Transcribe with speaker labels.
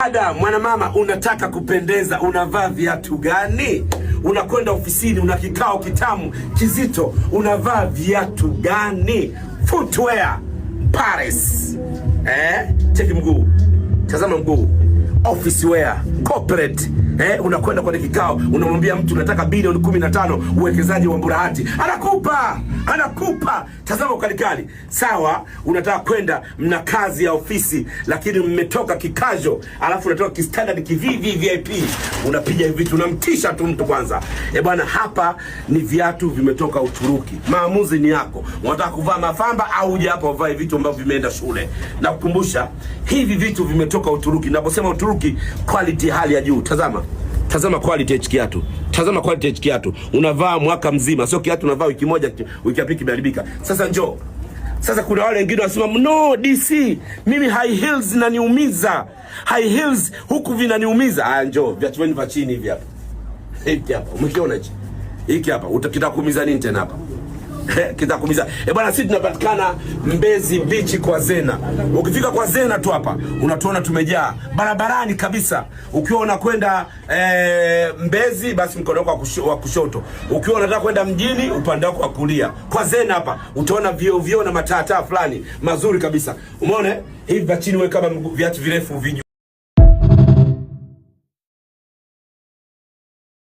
Speaker 1: Dada mwanamama, unataka kupendeza, unavaa viatu gani? Unakwenda ofisini, una kikao kitamu kizito, unavaa viatu gani? Footwear Paris, eh? Cheki mguu, tazama mguu, office wear, corporate eh, unakwenda kwenye kikao, unamwambia mtu nataka bilioni kumi na tano uwekezaji wa Mburahati, anakupa anakupa. Tazama ukalikali. Sawa, unataka kwenda, mna kazi ya ofisi, lakini mmetoka kikazo, alafu unatoka kistandard kivivi VIP, unapiga hivi, unamtisha tu mtu kwanza. Eh bwana, hapa ni viatu vimetoka Uturuki, maamuzi ni yako. Unataka kuvaa mafamba au uje hapa uvae vitu ambavyo vimeenda shule? Nakukumbusha hivi vitu vimetoka Uturuki. Naposema Uturuki, quality hali ya juu. Tazama Tazama quality ya kiatu, tazama quality ya kiatu. Unavaa mwaka mzima, sio kiatu unavaa wiki moja, wiki ya pili kimeharibika. Sasa njoo sasa kuna wale wengine wanasema no DC, mimi high heels zinaniumiza, high heels huku vinaniumiza. Aya, ah, njoo viatu vyenu vya chini hivi hapa, hiki hapa, umekiona hichi, hiki hapa, utakitakuumiza nini tena hapa? kitakumiza. e eh, bwana, sisi tunapatikana Mbezi Beach kwa Zena. Ukifika kwa Zena tu hapa unatuona tumejaa barabarani kabisa. Ukiwa unakwenda e, Mbezi basi mkono wako wa kushoto, ukiwa unataka kwenda mjini upande wako wa kulia. Kwa Zena hapa utaona vio vio na mataataa fulani mazuri kabisa. Umeona eh? hivi vya chini, wewe kama viatu virefu viju